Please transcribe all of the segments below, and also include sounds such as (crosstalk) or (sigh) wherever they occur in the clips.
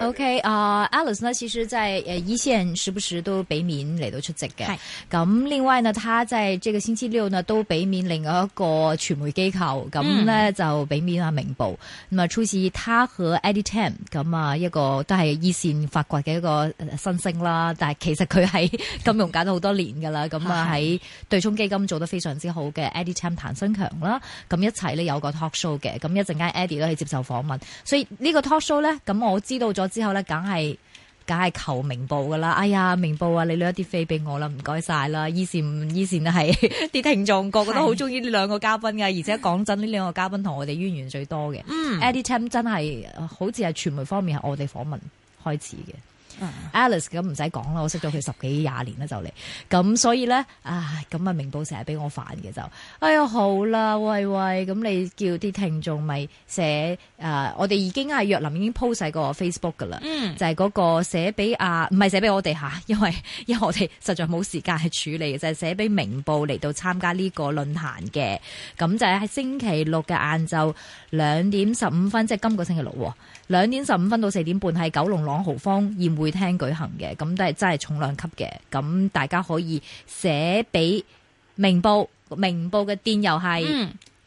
O.K. 啊、uh，Alice 呢，其實在誒一線時不時都俾面嚟到出席嘅。咁是另外呢，他在即個星期六呢都俾面另外一個傳媒機構，咁呢，嗯、就俾面啊明報。咁啊，初始他和 Eddie Tam 咁啊一個都係一線發掘嘅一個新星啦。但係其實佢喺金融界都好多年噶啦。咁啊喺對沖基金做得非常之好嘅 Eddie Tam 譚新強啦。咁一齊呢，有個 talk show 嘅。咁一陣間 Eddie 咧喺接受訪問。所以呢個 talk show 呢，咁我。知道咗之後咧，梗係梗係求明報噶啦！哎呀，明報啊，你攞一啲飛俾我啦，唔該晒！啦！以前以前係啲聽眾，個 (laughs) 個都好中意呢兩個嘉賓噶，而且講真，呢兩 (laughs) 個嘉賓同我哋淵源最多嘅。Eddie Tam 真係好似係傳媒方面係我哋訪問開始嘅。Alice 咁唔使講啦，我識咗佢十幾廿年啦就嚟，咁所以咧啊咁啊明報成日俾我煩嘅就，哎呀好啦喂喂，咁你叫啲聽眾咪寫誒、呃，我哋已經係若林已經 po 晒曬個 Facebook 噶啦，嗯、就係嗰個寫俾啊，唔係寫俾我哋吓、啊，因為因為我哋實在冇時間去處理嘅，就係、是、寫俾明報嚟到參加呢個論壇嘅，咁就喺星期六嘅晏晝兩點十五分，即、就、係、是、今個星期六。兩點十五分到四點半喺九龍朗豪坊宴會廳舉行嘅，咁都係真係重量級嘅，咁大家可以寫俾明報，明報嘅電郵係，嗯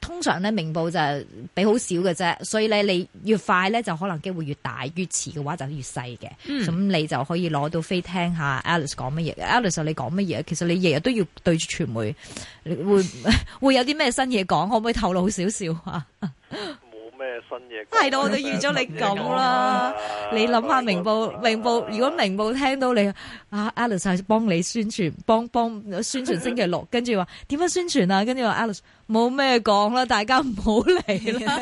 通常咧明報就俾好少嘅啫，所以咧你越快咧就可能機會越大，越遲嘅話就越細嘅。咁、嗯、你就可以攞到飛聽下 Alice 講乜嘢，Alice 你講乜嘢？其實你日日都要對住傳媒，會會有啲咩新嘢講，可唔可以透露少少啊？ (laughs) 係到我哋預咗你咁啦。你諗下明報，明報如果明報聽到你啊，Alice 係幫你宣傳，幫幫宣傳星期六，跟住話點樣宣傳啊？跟住話 Alice 冇咩講啦，大家唔好嚟啦，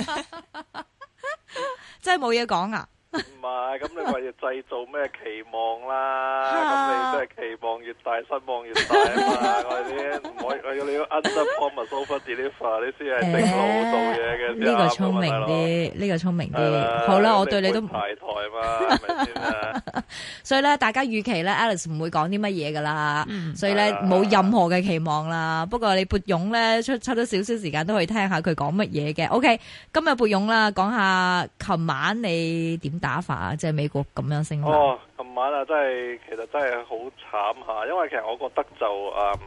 (laughs) (laughs) 真係冇嘢講啊！唔係，咁你話要製造咩期望啦？咁你真係期望越大，失望越大啊嘛！我哋啲唔可以你要 update format simplifier，你先係做到嘢嘅。呢個聰明啲，呢個聰明啲。好啦，我對你都唔埋台嘛，所以咧，大家預期咧，Alex 唔會講啲乜嘢噶啦。所以咧，冇任何嘅期望啦。不過你撥冗咧，出抽咗少少時間都可以聽下佢講乜嘢嘅。OK，今日撥冗啦，講下琴晚你點打。打法即係美國咁樣升。哦，琴晚啊，真係其實真係好慘吓，因為其實我覺得就嗯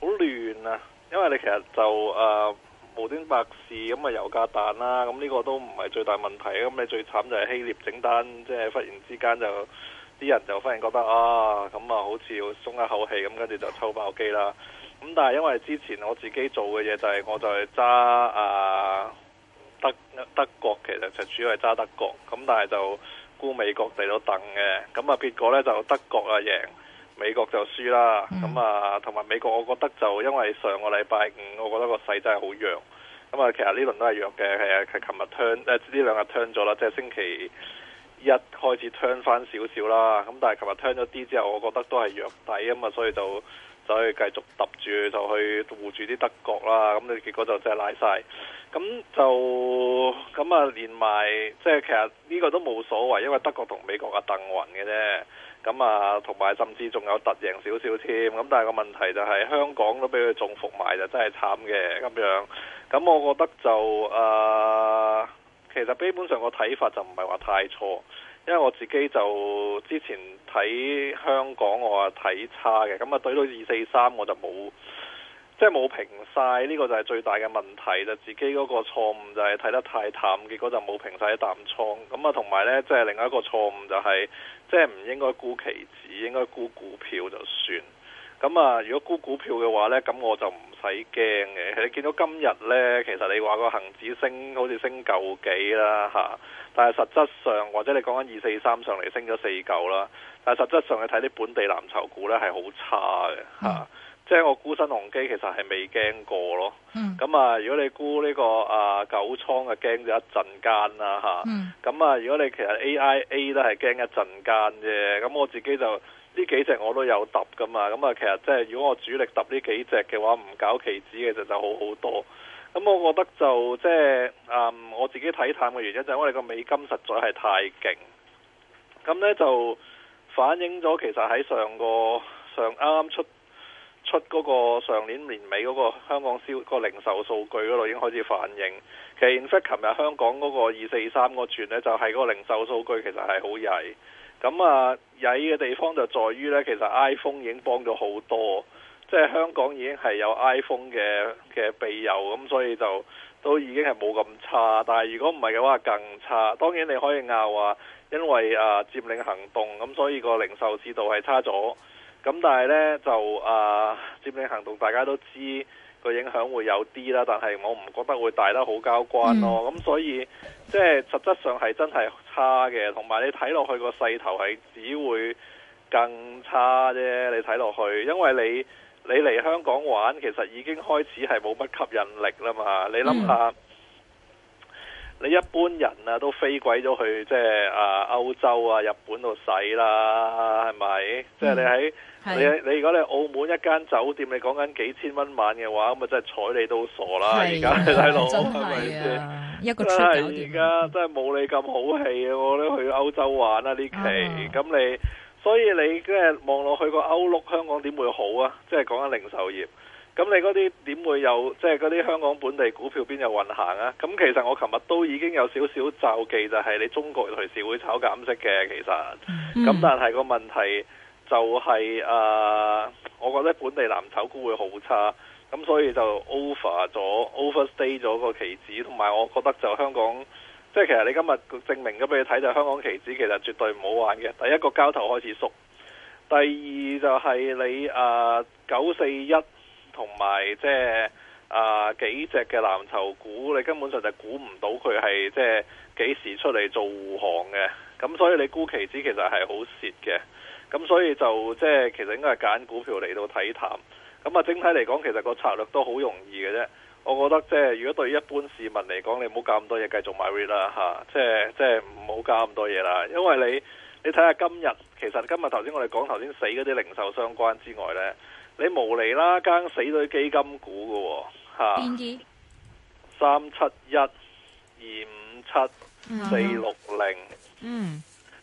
好亂啊，因為你其實就誒、呃、無端白事咁啊，油價彈啦，咁、這、呢個都唔係最大問題，咁、嗯、你最慘就係希臘整單，即係忽然之間就啲人就忽然覺得啊，咁、嗯、啊、嗯、好似要鬆一口氣，咁跟住就抽爆機啦。咁、嗯、但係因為之前我自己做嘅嘢就係，我就係揸誒。啊德國其實就主要係揸德國咁，但係就沽美國地到凳嘅咁啊，結果呢就德國啊贏，美國就輸啦。咁啊、嗯，同埋美國，我覺得就因為上個禮拜五，我覺得個勢真係好弱。咁啊，其實呢輪都係弱嘅，係啊、呃，其實琴日 turn，呢兩日 turn，turn 咗啦，即係星期一開始 turn 返少少啦。咁但係琴日 turn 咗啲之後，我覺得都係弱底吖嘛，所以就。所以繼續揼住就去護住啲德國啦，咁你結果就真係拉晒，咁就咁啊，連埋即係其實呢個都冇所謂，因為德國同美國嘅掟雲嘅啫。咁啊，同埋甚至仲有突贏少少添。咁但係個問題就係香港都俾佢中伏埋，就真係慘嘅咁樣。咁我覺得就啊、呃，其實基本上個睇法就唔係話太錯。因為我自己就之前睇香港，我話睇差嘅，咁啊對到二四三我就冇，即係冇平晒。呢個就係最大嘅問題，就自己嗰個錯誤就係睇得太淡，結果就冇平晒啲淡倉。咁啊同埋呢，即係另外一個錯誤就係即係唔應該沽期指，應該沽股票就算。咁啊，如果沽股票嘅話呢，咁我就唔使驚嘅。你見到今日呢，其實你話個恒指升好似升夠幾啦嚇、啊，但係實質上或者你講緊二四三上嚟升咗四嚿啦，但係實質上你睇啲本地藍籌股呢係好差嘅嚇。即、啊、係、mm. 我沽新鴻基其實係未驚過咯。咁、mm. 啊，如果你沽呢、呢個啊九倉嘅驚咗一陣間啦嚇。咁啊、mm. 啊，如果你其實 AIA 都係驚一陣間啫，咁我自己就。呢幾隻我都有揼噶嘛，咁、嗯、啊其實即、就、係、是、如果我主力揼呢幾隻嘅話，唔搞期指嘅就就好好多。咁、嗯、我覺得就即係、就是、嗯我自己睇淡嘅原因就係我哋個美金實在係太勁。咁、嗯、呢就反映咗其實喺上個上啱啱出出嗰、那個上年年尾嗰個香港消、那個零售數據嗰度已經開始反映。其實其實琴日香港嗰個二四三個轉呢，就係、是、嗰個零售數據其實係好曳。咁啊，曳嘅地方就在於呢，其實 iPhone 已經幫咗好多，即係香港已經係有 iPhone 嘅嘅庇佑，咁所以就都已經係冇咁差。但係如果唔係嘅話，更差。當然你可以拗話，因為啊、呃、佔領行動，咁所以個零售市道係差咗。咁但係呢，就啊、呃、佔領行動，大家都知。個影響會有啲啦，但係我唔覺得會大得好交關咯。咁、嗯啊、所以即係實質上係真係差嘅，同埋你睇落去個勢頭係只會更差啫。你睇落去，因為你你嚟香港玩其實已經開始係冇乜吸引力啦嘛。你諗下，嗯、你一般人啊都飛鬼咗去即係啊歐洲啊日本度使啦，係咪？嗯、即係你喺。啊、你你如果你澳門一間酒店你講緊幾千蚊晚嘅話，咁啊真係睬你都傻啦，而家睇佬真係啊係咪先真係而家真係冇你咁好氣啊我咧，去歐洲玩啦、啊、呢期咁、啊、你所以你即係望落去個歐陸香港點會好啊，即係講緊零售業，咁你嗰啲點會有即係嗰啲香港本地股票邊有運行啊。咁其實我琴日都已經有少少集記，就係你中國隨時會炒減息嘅其實咁但係個問題。嗯就係、是、啊，uh, 我覺得本地藍籌股會好差，咁所以就 over 咗、overstay 咗個期指，同埋我覺得就香港即係其實你今日證明咗俾你睇，就是、香港期指其實絕對唔好玩嘅。第一個交投開始縮，第二就係你啊九四一同埋即係啊、uh, 幾隻嘅藍籌股，你根本上就估唔到佢係即係幾時出嚟做護航嘅，咁所以你估期指其實係好蝕嘅。咁所以就即係其實應該係揀股票嚟到睇淡，咁啊整體嚟講其實個策略都好容易嘅啫。我覺得即係如果對於一般市民嚟講，你唔好搞咁多嘢，繼續買匯啦吓，即係即係唔好搞咁多嘢啦。因為你你睇下今日，其實今日頭先我哋講頭先死嗰啲零售相關之外呢，你無厘啦更死咗啲基金股噶吓，三七一二五七四六零，嗯，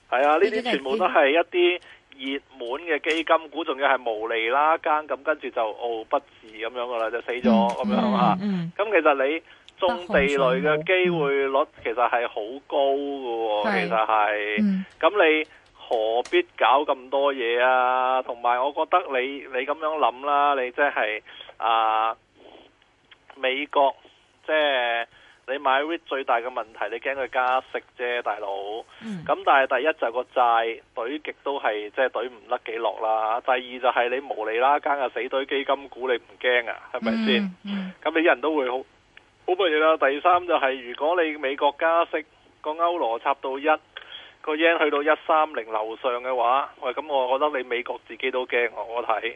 係啊，呢啲全部都係一啲。熱門嘅基金股，仲要係無利啦更，咁跟住就傲不治咁樣噶啦，就死咗咁樣嚇。咁其實你中地雷嘅機會率其實係好高嘅喎，其實係。咁你何必搞咁多嘢啊？同埋我覺得你你咁樣諗啦，你即係啊美國即係。你買匯最大嘅問題，你驚佢加息啫，大佬。咁但係第一就係個債隊極都係即係隊唔甩幾落啦。第二就係你無利啦，加個死隊基金股，你唔驚啊？係咪先？咁、嗯嗯、你啲人都會好，好乜嘢啦？第三就係、是、如果你美國加息，個歐羅插到一，個 yen 去到一三零樓上嘅話，喂，咁我覺得你美國自己都驚，我睇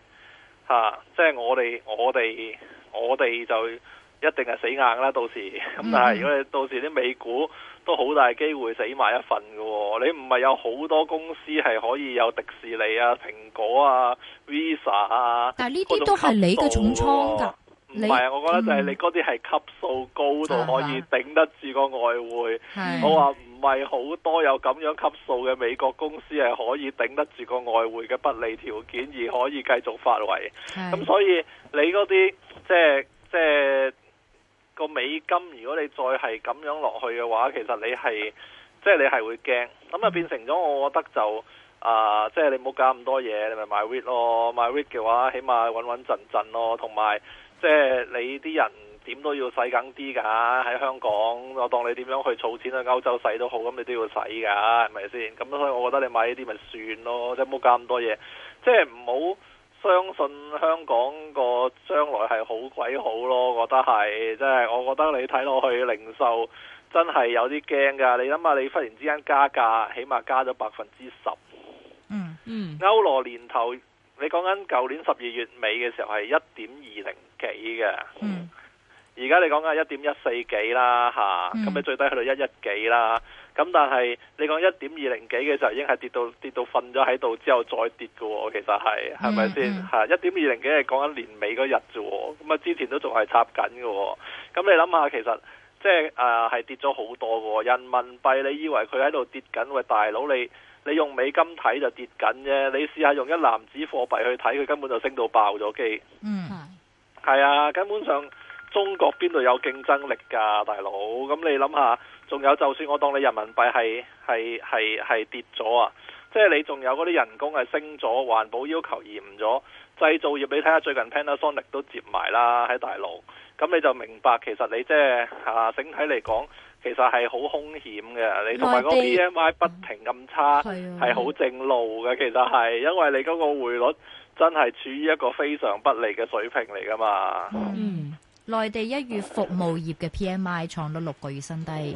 嚇、啊。即係我哋，我哋，我哋就。一定係死硬啦，到時咁但係如果你到時啲美股都好大機會死埋一份噶、哦，你唔係有好多公司係可以有迪士尼啊、蘋果啊、Visa 啊，但係呢啲都係你嘅重倉唔係啊？是你我覺得就係你嗰啲係級數高度可以頂得住個外匯。的我話唔係好多有咁樣級數嘅美國公司係可以頂得住個外匯嘅不利條件而可以繼續發圍。咁的所以你嗰啲即係即係。個美金如果你再係咁樣落去嘅話，其實你係即係你係會驚，咁啊變成咗我覺得就啊、呃，即係你冇搞咁多嘢，你咪買 w e d 咯，買 w e d 嘅話起碼穩穩陣陣咯，同埋即係你啲人點都要使緊啲㗎喺香港，我當你點樣去儲錢去歐洲使都好，咁你都要使㗎，係咪先？咁所以我覺得你買呢啲咪算咯，就是，即係冇搞咁多嘢，即係唔好。相信香港個將來係好鬼好咯，我覺得係，即係我覺得你睇落去零售真係有啲驚㗎，你諗下你忽然之間加價，起碼加咗百分之十。嗯嗯。歐羅年頭，你講緊舊年十二月尾嘅時候係一點二零幾嘅。嗯。而家你講緊一點一四幾啦，吓、啊、咁、嗯、你最低去到一一幾啦。咁但係你講一點二零幾嘅時候已經係跌到跌到瞓咗喺度之後再跌嘅喎，其實係係咪先吓？一點二零幾係講緊年尾嗰日啫，咁啊之前都仲係插緊嘅。咁你諗下，其實即係誒係跌咗好多嘅。人民幣你以為佢喺度跌緊喂大佬你你用美金睇就跌緊啫，你試下用一籃子貨幣去睇，佢根本就升到爆咗機。嗯，係啊，根本上中國邊度有競爭力噶大佬？咁你諗下。仲有就算我當你人民幣係係係係跌咗啊，即係你仲有嗰啲人工係升咗，環保要求嚴咗，製造業你睇下最近 Panasonic 都接埋啦喺大陸，咁你就明白其實你即、就、係、是、啊整體嚟講，其實係好凶險嘅。你同埋嗰 PMI 不停咁差，係好、嗯、正路嘅，其實係，因為你嗰個匯率真係處於一個非常不利嘅水平嚟噶嘛。嗯內地一月服務業嘅 PMI 創咗六個月新低，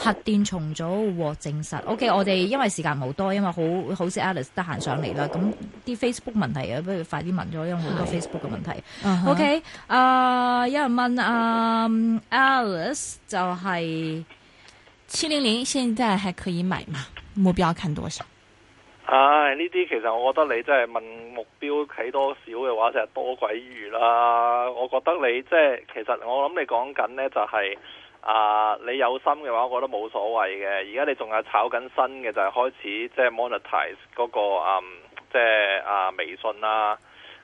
核電重組獲證實。OK，我哋因為時間冇多，因為好好似 Alice 得閒上嚟啦，咁啲 Facebook 問題啊，不如快啲問咗，因為好多 Facebook 嘅問題。OK，啊，有人問啊、uh，Alice 就係七零零，現在還可以買嗎？目標看多少？唉，呢啲、哎、其實我覺得你真係問目標企多少嘅話，就係多鬼餘啦。我覺得你即、就、係、是、其實我諗你講緊呢、就是，就係啊，你有心嘅話，我覺得冇所謂嘅。而家你仲係炒緊新嘅、那個嗯，就係開始即係 monetize 嗰個即係啊微信啦、啊。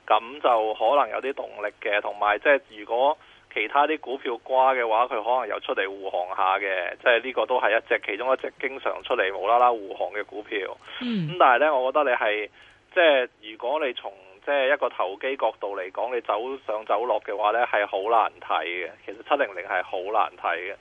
咁就可能有啲動力嘅，同埋即係如果。其他啲股票瓜嘅話，佢可能又出嚟護航下嘅，即係呢個都係一隻其中一隻經常出嚟無啦啦護航嘅股票。咁、嗯、但係咧，我覺得你係，即係如果你從即係一個投機角度嚟講，你走上走落嘅話咧，係好難睇嘅。其實七零零係好難睇嘅，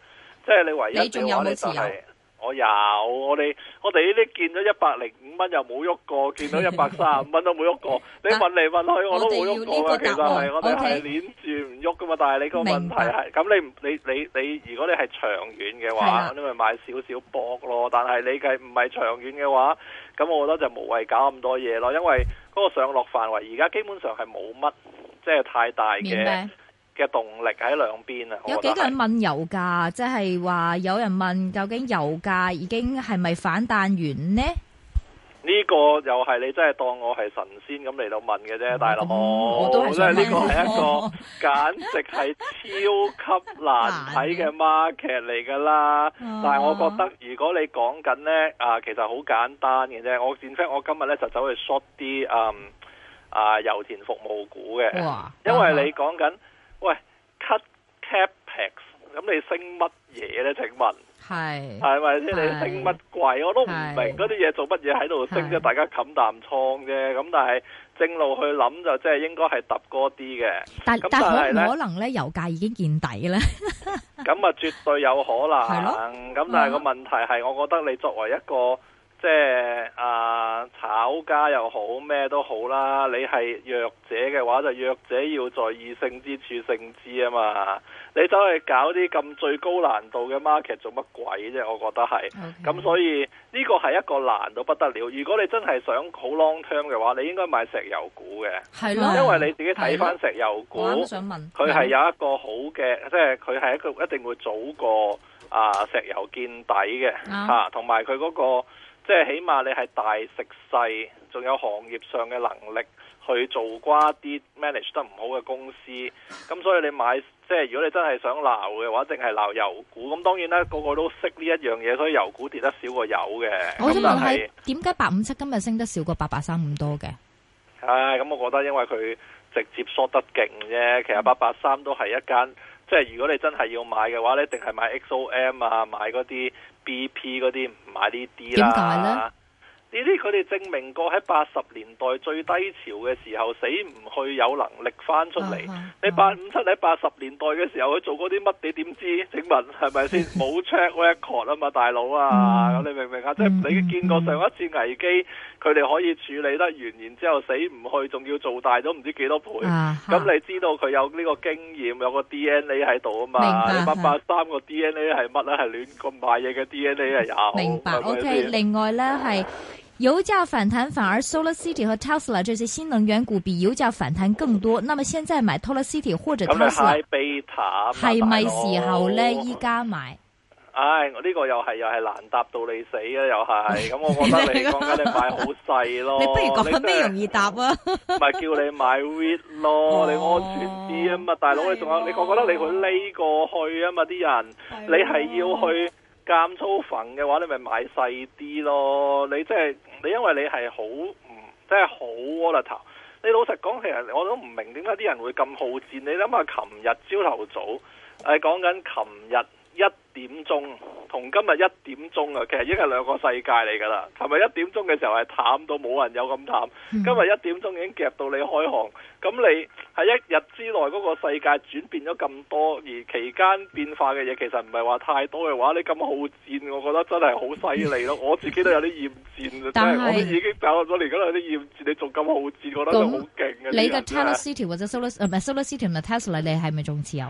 即係你唯一嘅話咧就係。我有，我哋我哋呢啲見咗一百零五蚊又冇喐過，見到一百三十五蚊都冇喐過。 (laughs) 啊、你問嚟問去我都冇喐過嘅，其實係，哦 okay、我哋係黏住唔喐噶嘛。但係你個問題係，咁白你唔你你你如果你係長遠嘅話，的你咪買少少博咯。但係你計唔係長遠嘅話，咁我覺得就無謂搞咁多嘢咯。因為嗰個上落範圍而家基本上係冇乜，即係太大嘅。嘅動力喺兩邊啊！有幾個人問油價，即係話有人問究竟油價已經係咪反彈完呢？呢個又係你真係當我係神仙咁嚟到問嘅啫，大佬。我都係呢個係一個簡直係超級難睇嘅 market 嚟噶啦。 (laughs) 啊、但係我覺得如果你講緊呢，啊，其實好簡單嘅啫。我 prefer 我今日呢，就走去 short 啲嗯啊油田服務股嘅，哇因為你講緊。啊 cut capex，咁你升乜嘢呢？請問係係咪先你升乜貴？我都唔明嗰啲嘢做乜嘢喺度升啫？是大家冚淡倉啫。咁但係正路去諗就即、是、係應該係揼多啲嘅。但但係咧，可能呢，油價已經見底呢，咁啊，絕對有可能。咁咯但係個問題係，我覺得你作為一個。即係啊，炒家又好咩都好啦。你係弱者嘅話，就弱者要在異性之處勝之啊嘛。你走去搞啲咁最高難度嘅 market，做乜鬼啫？我覺得係。咁 Okay. 所以呢個係一個難到不得了。如果你真係想好 long term 嘅話，你應該買石油股嘅。係咯的，因為你自己睇返石油股，佢係有一個好嘅，即係佢係一個一定會早過啊石油見底嘅嚇，同埋佢嗰個。即係起碼你係大食細，仲有行業上嘅能力去做瓜啲 manage 得唔好嘅公司。咁所以你買，即係如果你真係想鬧嘅話，淨係鬧油股。咁當然啦，個個都識呢一樣嘢，所以油股跌得少過油嘅。我想問，係點解八五七今日升得少過八八三咁多嘅？唉，咁，我覺得因為佢直接縮得勁啫。其實八八三都係一間。即係如果你真係要買嘅話，咧，你一定係買 XOM 啊，買嗰啲 BP 嗰啲，唔買呢啲啦。點解咧？呢啲佢哋證明過喺八十年代最低潮嘅時候死唔去，有能力翻出嚟。你 (noise) 八五七喺八十年代嘅時候佢做過啲乜，你點知？請問係咪先冇 check record 啊嘛，大佬啊，嗯、你明唔明啊？即係、嗯、你見過上一次危機，佢哋可以處理得完，然之後死唔去，仲要做大咗唔知幾多倍。咁、啊、哈你知道佢有呢個經驗，有個 DNA 喺度啊嘛。你八八三個 DNA 係乜咧？係亂咁買嘢嘅 DNA 係有。明白 OK，白另外咧係。 (noise) (noise) (noise) 油價反彈反而 SolarCity 和 Tesla 這些新能源股比油價反彈更多。那麼現在買 SolarCity 或者 Tesla 係咪時候咧？依家買？唉，我呢個又係又係難答到你死啊又係。咁我覺得你講緊你買好細咯。你不如講咩容易答啊？咪叫你買 w e d 咯，你安全啲啊嘛，大佬你仲有你，我覺得你去呢個去啊嘛，啲人你係要去。咁粗份嘅話，你咪買細啲咯。你即係你，因為你係好唔即係好 volatile。你老實講，其實我都唔明點解啲人會咁好戰。你諗下，琴日朝頭早誒講緊琴日。一點鐘同今日一點鐘啊，其實已經係兩個世界嚟㗎啦。琴日一點鐘嘅時候係淡到冇人有咁淡，今日一點鐘已經夾到你開行，咁你喺一日之內嗰個世界轉變咗咁多，而期間變化嘅嘢其實唔係話太多嘅話，你咁好戰，我覺得真係好犀利咯！我自己都有啲厭戰，但係我已經走咗你而家有啲厭戰，你仲咁好戰，我覺得佢好勁啊！你嘅 Tesla City 或者 Solar 唔係 Solar City 唔係 Tesla，你係咪仲持有？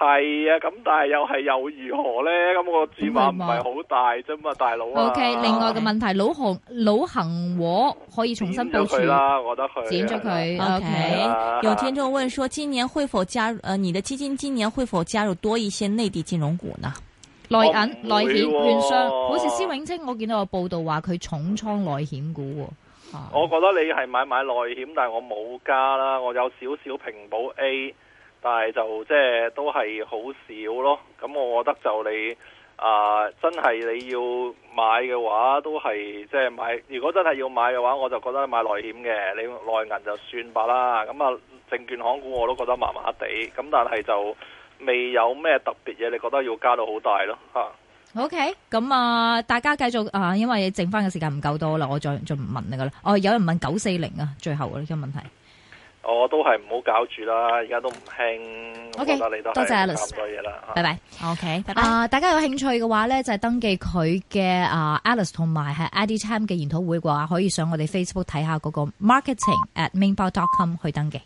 係啊，咁但係又係又如何咧？咁個資本唔係好大啫嘛，大佬、啊。OK，另外嘅問題，老，老行老恒和可以重新部署，啦。我得佢。剪咗佢、啊。OK，, okay、啊、有聽眾問說，今年會否加入？誒、呃，你的基金今年會否加入多一些內地金融股呢啊？內銀、內險、券商，好似施永青，我見到個報道話佢重倉內險股。我覺得你係買買內險，但係我冇加啦，我有少少平保 A。但係就即係都係好少咯，咁我覺得就你啊、呃，真係你要買嘅話，都係即係買。如果真係要買嘅話，我就覺得買內險嘅，你內銀就算吧啦。咁啊，證券行股我都覺得麻麻地。咁但係就未有咩特別嘢，你覺得要加到好大咯？吓，OK，咁、嗯、啊，大家繼續啊、呃，因為剩翻嘅時間唔夠多啦，我再再唔問你噶啦。哦，有人問九四零啊，最後嘅一、呢個問題。我都係唔好搞住啦，而家都唔興。O K，多謝 Alice 咁多嘢啦，拜拜。O K，啊，大家有興趣嘅話咧，就係登記佢嘅啊 Alice 同埋係 Addi Time 嘅研討會嘅話，可以上我哋 Facebook 睇下嗰個 marketing at mingpao.com 去登記。